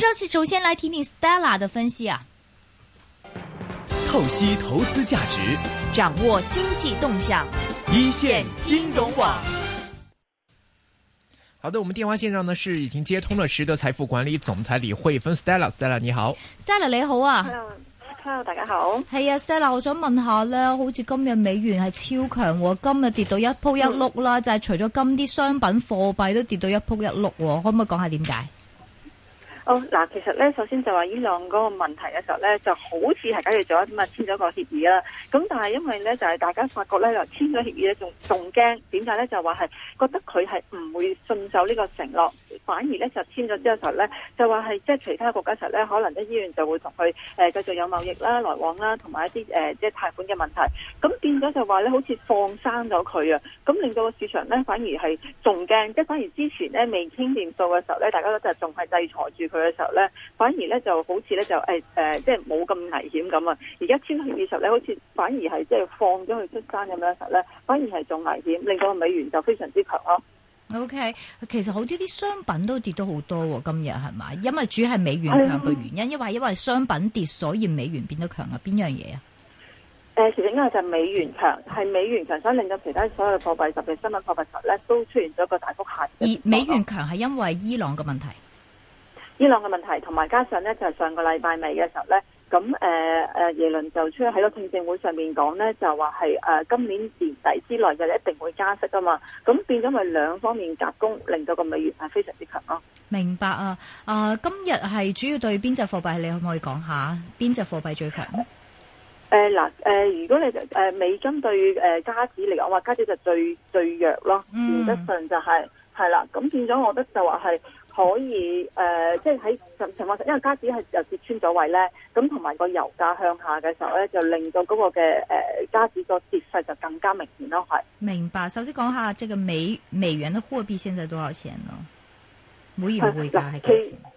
這次首先來聽聽 Stella 的分析啊！透析投資價值，掌握經濟動向，一線金融網。好的，我們電話線上呢是已經接通了，實德財富管理總裁李慧芬，Stella，Stella 你好。Stella 你好啊 Hello.，Hello，大家好。係、hey, 啊，Stella，我想問下呢，好似今日美元係超強、哦，今日跌到一扑一碌啦、嗯，就係、是、除咗今啲商品貨幣都跌到一扑一碌、哦，可唔可以講下點解？嗱、哦，其實咧，首先就話伊朗嗰個問題嘅時候咧，就好似係解決做一啲乜簽咗個協議啦，咁但係因為咧就係、是、大家發覺咧，就簽咗協議咧，仲仲驚點解咧？就話係覺得佢係唔會信守呢個承諾，反而咧就簽咗之後嘅時候咧，就話係即係其他國家時候咧可能啲醫院就會同佢誒繼續有貿易啦、來往啦，同埋一啲、呃、即係貸款嘅問題，咁變咗就話咧好似放生咗佢啊，咁令到個市場咧反而係仲驚，即係反而之前咧未傾掂數嘅時候咧，大家都就仲係制裁住佢。嘅時候咧，反而咧就好似咧就誒誒，即係冇咁危險咁啊！而家千二十咧，好似反而係即係放咗佢出山咁樣嘅時候咧，反而係仲危險，令到個美元就非常之強咯。OK，其實好啲啲商品都跌咗好多，今日係咪？因為主要係美元強嘅原因，亦或係因為商品跌，所以美元變得強啊？邊樣嘢啊？誒，主要原因就係美元強，係美元強所以令到其他所有貨幣，特別新聞貨幣實咧都出現咗一個大幅下跌。而美元強係因為伊朗嘅問題。伊朗嘅問題，同埋加上咧就係、是、上個禮拜尾嘅時候咧，咁誒誒耶倫就出喺個聽證會上面講咧，就話係誒今年年底之內就一定會加息噶嘛，咁變咗咪兩方面夾攻，令到個美元係、呃、非常之強咯、啊。明白啊，啊、呃、今日係主要對邊隻貨幣，你可唔可以講下邊隻貨幣最強？誒、呃、嗱，誒如果你誒美金對誒、呃、加紙嚟講，話加紙就最最弱咯、啊，理、嗯、論上就係、是、係啦，咁變咗我覺得就話係。可以誒，即係喺情況因為金價係又跌穿咗位咧，咁同埋個油價向下嘅時候咧，就令到嗰個嘅誒金價個跌勢就更加明顯咯，係。明白，首先講下，即係個美美元嘅貨幣現在多少錢咯？美元匯價係幾錢？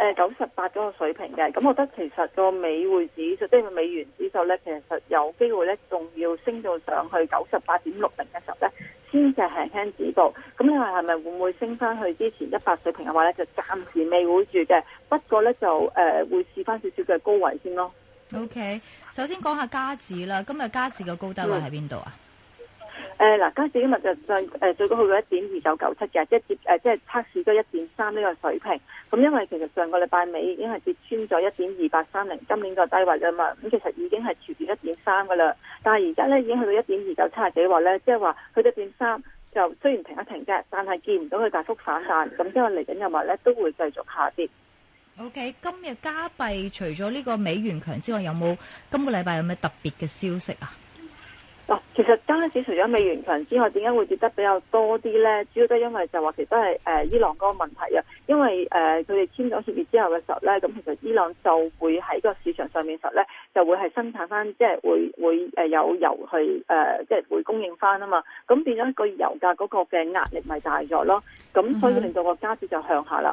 誒九十八嗰個水平嘅，咁我覺得其實個美匯指數，即係美元指數咧，其實有機會咧，仲要升到上去九十八點六零嘅時候咧，先至輕輕止步。咁你話係咪會唔會升翻去之前一百水平嘅話咧，就暫時未會住嘅。不過咧就誒、呃、會試翻少少嘅高位先咯。OK，首先講下加指啦，今日加指嘅高低位喺邊度啊？Mm-hmm. 誒、嗯，嗱，加幣今日就上誒最高去到一點二九九七嘅，即係跌誒，即係測試咗一點三呢個水平。咁因為其實上個禮拜尾已經係跌穿咗一點二八三零，今年個低位啊嘛，咁其實已經係超跌一點三噶啦。但係而家咧已經去到一點二九七啊幾話咧，即係話去到一點三就雖然停一停啫，但係見唔到佢大幅反彈。咁之後嚟緊又話咧都會繼續下跌。Okay，今日加幣除咗呢個美元強之外，有冇今個禮拜有咩特別嘅消息啊？嗱、哦，其實金市除咗美元強之外，點解會跌得比較多啲咧？主要都係因為就話其實都係誒、呃、伊朗嗰個問題啊。因為誒佢哋簽咗協議之後嘅時候咧，咁其實伊朗就會喺個市場上面的時候咧，就會係生產翻，即係會會誒有油去誒、呃，即係會供應翻啊嘛。咁變咗一個油價嗰個嘅壓力咪大咗咯。咁所以令到個金市就向下啦。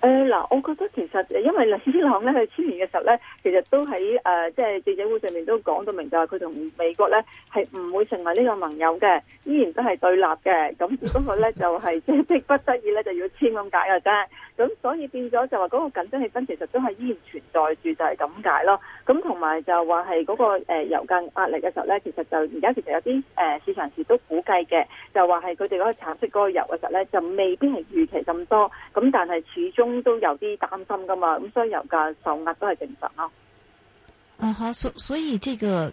誒，嗱，我覺得其實，因為嗱，李斯朗咧喺簽完嘅時候咧，其實都喺誒，即、呃、係、就是、記者會上面都講到明，就係佢同美國咧係唔會成為呢個盟友嘅，依然都係對立嘅。咁如果佢咧就係即係迫不得已咧，就要簽咁解啊。咁所以變咗就話嗰個緊張氣氛其實都係依然存在住，就係咁解咯。咁同埋就話係嗰個油價壓力嘅時候咧，其實就而家其實有啲誒、呃、市場人士都估計嘅，就話係佢哋嗰個產出嗰個油嘅時候咧，就未必係預期咁多。咁但係始終都有啲擔心噶嘛。咁所以油價受壓都係正常咯。啊，好，所所以這個。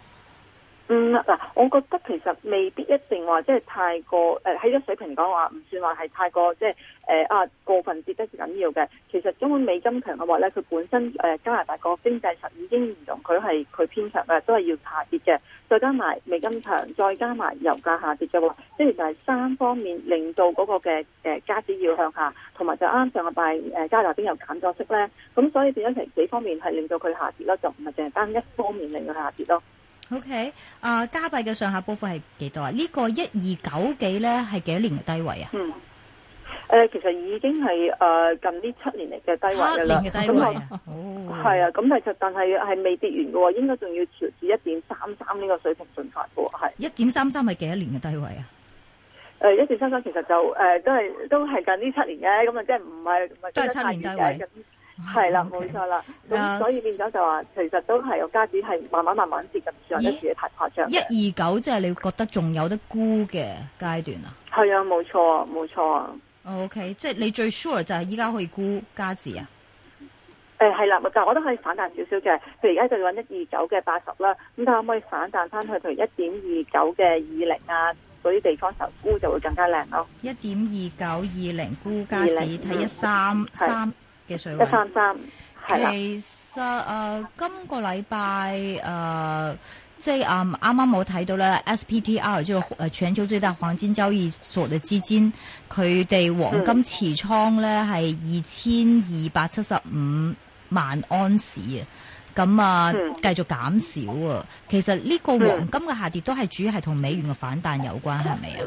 嗯嗱，我覺得其實未必一定話即係太過誒喺呢個水平講話，唔算話係太過即係誒啊過分跌得咁緊要嘅。其實根本美金強嘅話咧，佢本身誒、呃、加拿大個經濟實已經唔同，佢係佢偏強嘅，都係要下跌嘅。再加埋美金強，再加埋油價下跌咗。即係就係、是、三方面令到嗰個嘅誒加紙要向下，同埋就啱上個拜誒加拿大邊又減咗息咧，咁所以變咗成幾方面係令到佢下跌咯，就唔係淨係單一方面令到佢下跌咯。O K，啊，加幣嘅上下波幅係幾多啊？這個、1, 2, 多呢個一二九幾咧，係幾多年嘅低位啊？嗯，誒、呃，其實已經係誒、呃、近呢七年嚟嘅低位，七年嘅低位，係啊，咁但係但係係未跌完嘅喎，應該仲要調至一點三三呢個水平進發嘅喎，一點三三係幾多年嘅低位啊？誒，一點三三其實就誒、呃、都係都係近呢七年嘅，咁啊，即係唔係都係七年低位。係、啊、啦，冇、okay. 錯啦，咁、啊、所以變咗就話，其實都係個價係慢慢慢慢接近上一自己太誇張。一二九即係你覺得仲有得沽嘅階段啊？係啊，冇錯，冇錯。O、okay, K，即係你最 sure 就係依家可以沽價啊？誒、哎，係啦，但係我都可以反彈少少嘅。譬如而家就搵一二九嘅八十啦，咁睇可唔可以反彈翻去，譬如一點二九嘅二零啊，嗰啲地方受沽就會更加靚咯。一點二九二零沽價睇一三三。20, 一三三，其實誒、呃，今個禮拜誒，即係啱啱冇睇到咧，SPTR 即係誒，全球最大黃金交易所嘅基金，佢哋黃金持倉咧係二千二百七十五萬安士啊，咁、嗯、啊，繼續減少啊。其實呢個黃金嘅下跌都係主要係同美元嘅反彈有關係咪啊？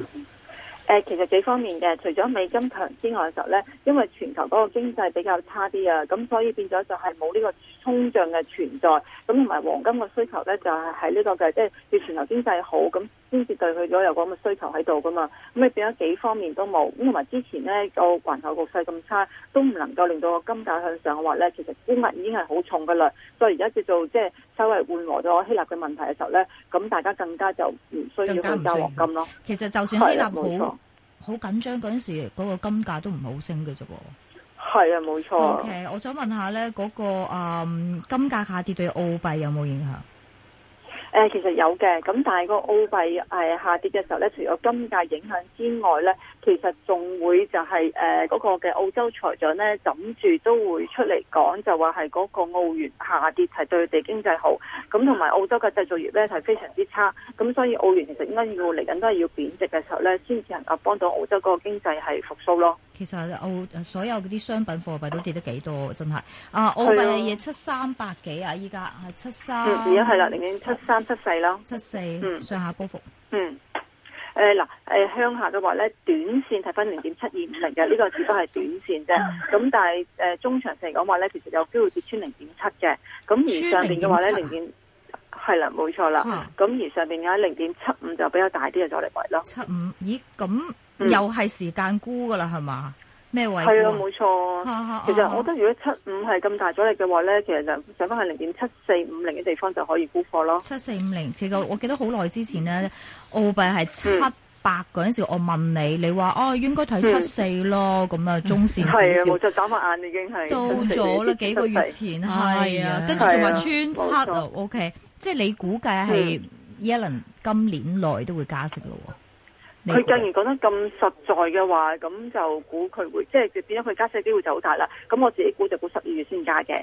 誒，其實幾方面嘅，除咗美金強之外嘅時候咧，因為全球嗰個經濟比較差啲啊，咁所以變咗就係冇呢個。通脹嘅存在，咁同埋黃金嘅需求咧，就係喺呢個嘅，即係要全球經濟好，咁先至對佢咗有咁嘅需求喺度噶嘛。咁你變咗幾方面都冇，咁同埋之前咧個環球局勢咁差，都唔能夠令到個金價向上嘅話咧，其實烏雲已經係好重噶啦。所以而家叫做即係、就是、稍微緩和咗希臘嘅問題嘅時候咧，咁大家更加就唔需要去交黃金咯。其實就算希臘股好，好，好緊張嗰陣時候，嗰、那個金價都唔好升嘅啫噃。係啊，冇錯。OK，我想問下咧，嗰個嗯金價下跌對澳幣有冇影響？誒，其實有嘅，咁但係個澳幣誒下跌嘅時候咧，除咗金價影響之外咧，其實仲會就係誒嗰個嘅澳洲財長咧，諗住都會出嚟講，就話係嗰個澳元下跌係對地經濟好，咁同埋澳洲嘅製造業咧係非常之差，咁所以澳元其實應該要嚟緊都係要貶值嘅時候咧，先至能夠幫到澳洲嗰個經濟係復甦咯。其實澳所有嗰啲商品貨幣都跌得幾多啊，真係啊，澳幣嘢七三百幾啊，依家係七三，而家係啦，零點七三。七四咯，七四，嗯，上下波幅。嗯，誒、呃、嗱，誒、呃、向、呃、下嘅話咧，短線睇翻零點七二五零嘅，呢、這個只不過係短線啫，咁但係誒、呃、中長線嚟講話咧，其實有機會跌穿的的零點七嘅，咁、啊、而上邊嘅話咧零點係啦，冇錯啦，咁而上邊有喺零點七五就比較大啲嘅阻力位咯，七五，咦，咁、嗯、又係時間估噶啦，係嘛？咩位？係啊，冇錯哈哈。其實我覺得，如果七五係咁大阻力嘅話咧、啊，其實就上翻係零點七四五零嘅地方就可以沽貨咯。七四五零，其實我記得好耐之前咧、嗯，澳幣係七百嗰陣時，我問你，你話哦應該睇七四咯，咁、嗯、啊中線少少就眨下眼已經係到咗啦幾個月前係啊，跟住同埋穿七啊，OK，即係你估計係 Yellen 今年內都會加息咯。佢既然講得咁實在嘅話，咁就估佢會即係變咗佢加息機會就好大啦。咁我自己估就估十二月先加嘅。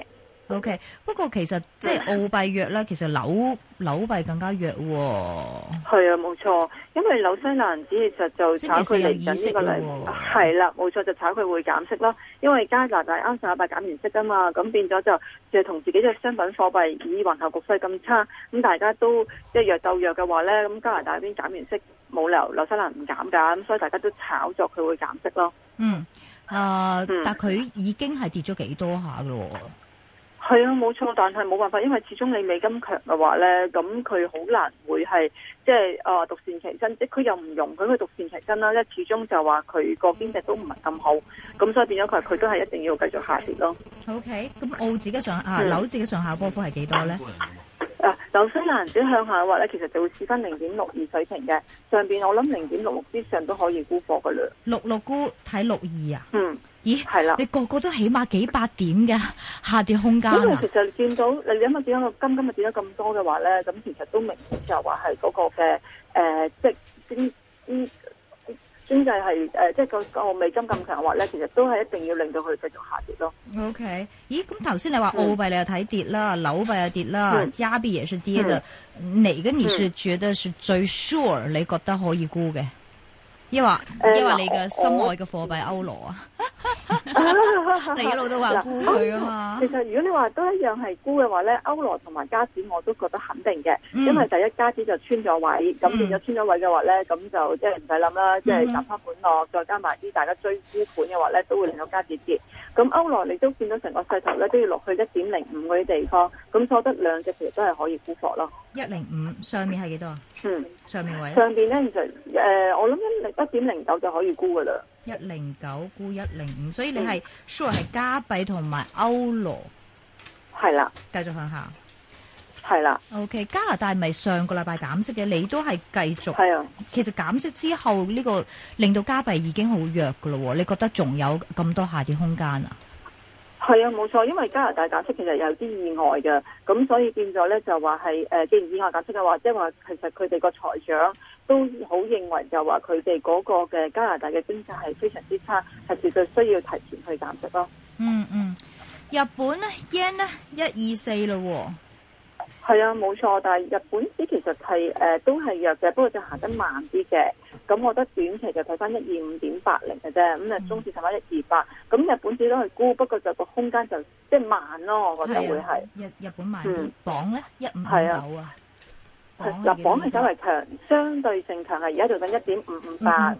O、okay, K，、嗯、不過其實即係澳幣弱咧，其實紐紐幣更加弱喎、哦。係啊，冇錯，因為紐西蘭其實就炒佢嚟緊呢個禮。係啦，冇、啊、錯，就炒佢會減息啦。因為加拿大啱上一排減完息噶嘛，咁變咗就就同自己嘅商品貨幣以環球局勢咁差，咁大家都即係弱鬥弱嘅話咧，咁加拿大嗰邊減完息。冇理由紐西蘭唔減價，咁所以大家都炒作佢會減息咯。嗯，啊、呃嗯，但佢已經係跌咗幾多下嘅喎？係啊，冇錯，但係冇辦法，因為始終你美金強嘅話咧，咁佢好難會係即係啊獨善其身，即佢又唔容許佢獨善其身啦。即係始終就話佢個經濟都唔係咁好，咁所以變咗佢，佢都係一定要繼續下跌咯。OK，咁澳紙嘅上下紐紙嘅上下波幅係幾多咧？啊，紐西蘭即係向下嘅話咧，其實就會試分零點六二水平嘅。上邊我諗零點六六之上都可以沽貨噶啦。六六估睇六二啊？嗯，咦，係啦，你個個都起碼幾百點嘅下跌空間，因為咁其實見到你諗下點解個金今日跌咗咁多嘅話咧，咁其實都明顯就話係嗰個嘅誒、呃，即係啲啲。嗯經濟係誒，即係個個美金咁強嘅話咧，其實都係一定要令到佢繼續下跌咯。OK，咦？咁頭先你話澳幣你又睇跌啦、嗯，紐幣又跌啦、嗯，加幣也是跌的。你、嗯、個你是覺得是最 sure？你覺得可以估嘅，抑或抑或你嘅心愛嘅貨幣歐羅啊？呃呃 你一路都話沽佢啊嘛？其實如果你話都一樣係沽嘅話呢，歐羅同埋加子我都覺得肯定嘅、嗯，因為第一加子就穿咗位，咁變咗穿咗位嘅話呢咁、嗯、就即係唔使諗啦，即係砸翻本落、嗯，再加埋啲大家追沽盤嘅話呢都會令到加子跌跌。咁歐羅你都見到成個勢頭呢都要落去一點零五嗰啲地方，咁坐得兩隻其實都係可以沽貨咯。一零五上面係幾多啊？嗯，上面位。上面呢？其實誒，我諗一零一點零九就可以沽噶啦。一零九沽一零五，所以你係 sure 係加幣同埋歐羅係啦，繼續向下係啦。OK，加拿大咪上個禮拜減息嘅，你都係繼續係啊。其實減息之後呢個令到加幣已經好弱噶喎。你覺得仲有咁多下跌空間啊？係啊，冇錯，因為加拿大減息其實有啲意外嘅，咁所以變咗咧就話係誒，既然意外減息嘅話即係話其實佢哋個財長。都好認為就話佢哋嗰個嘅加拿大嘅經濟係非常之差，係絕對需要提前去減息咯。嗯嗯，日本呢 yen 咧一二四咯，係啊冇錯，但係日本紙其實係誒、呃、都係弱嘅，不過就行得慢啲嘅。咁我覺得短期就睇翻一二五點八零嘅啫，咁啊中市睇翻一二八，咁、嗯、日本紙都係沽，不過就個空間就即係、就是、慢咯，我覺得會係日本慢啲。鎊咧一五五九啊。英鎊係稍微強，相對性強係而家做緊一點五五八，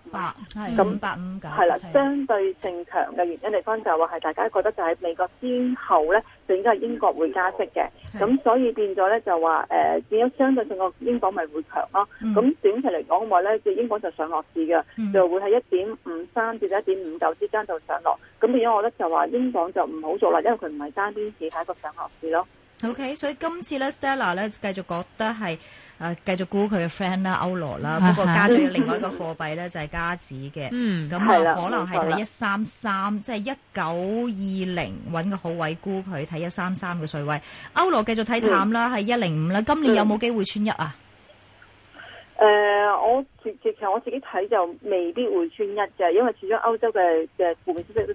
咁八五九，係啦，相對性強嘅原因地方就話係大家覺得就喺美國之後咧，就應該係英國會加息嘅，咁、嗯、所以變咗咧就話誒、呃、變咗相對性個英鎊咪會強咯、啊，咁短期嚟講嘅話咧，即英鎊就上落市嘅、嗯，就會喺一點五三至到一點五九之間就上落，咁變咗我覺得就話英鎊就唔好做啦，因為佢唔係單邊市，係一個上落市咯。O、okay, K，所以今次咧，Stella 咧繼續覺得係誒繼續沽佢嘅 friend 啦，歐羅啦，是是不過加咗另外一個貨幣咧就係加紙嘅，咁、嗯嗯、可能係睇一三三，即係一九二零揾個好位沽佢睇一三三嘅水位、嗯。歐羅繼續睇淡啦，係一零五啦。105，今年有冇機會穿一啊、嗯？誒、嗯嗯呃，我其實我自己睇就未必會穿一嘅，因為始終歐洲嘅嘅負面消息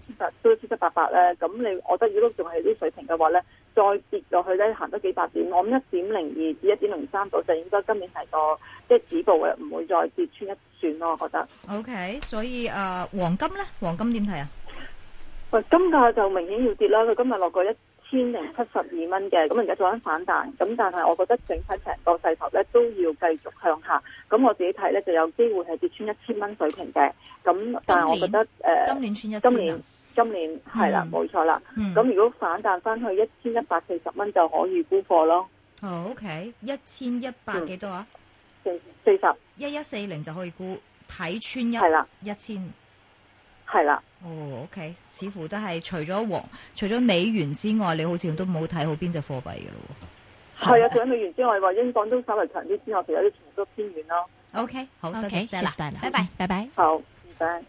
都七七八八咧。咁你我覺得如果仲係啲水平嘅話咧。再跌落去咧，行多幾百點，我諗一點零二至一點零三度就應該今年係個即係止步嘅，唔會再跌穿一算咯。我覺得。O、okay, K，所以誒、呃，黃金咧，黃金點睇啊？喂，金價就明顯要跌啦。佢今日落過一千零七十二蚊嘅，咁而家做緊反彈。咁但係我覺得整體成個勢頭咧都要繼續向下。咁我自己睇咧就有機會係跌穿一千蚊水平嘅。咁但係我覺得誒、呃，今年穿一千啊。今年今年係啦，冇錯啦。咁、嗯、如果反彈翻去一千一百四十蚊就可以沽貨咯。哦，OK，一千一百幾多啊？四四十，一一四零就可以沽，睇穿一係啦，一千係啦。哦，OK，似乎都係除咗黃，除咗美元之外，你好似都冇睇好邊隻貨幣嘅咯。係啊，除咗美元之外，話英鎊都稍微強啲，之後其有啲差唔多偏軟咯。OK，好，多謝曬，okay，拜拜，拜拜，拜拜，好，唔該。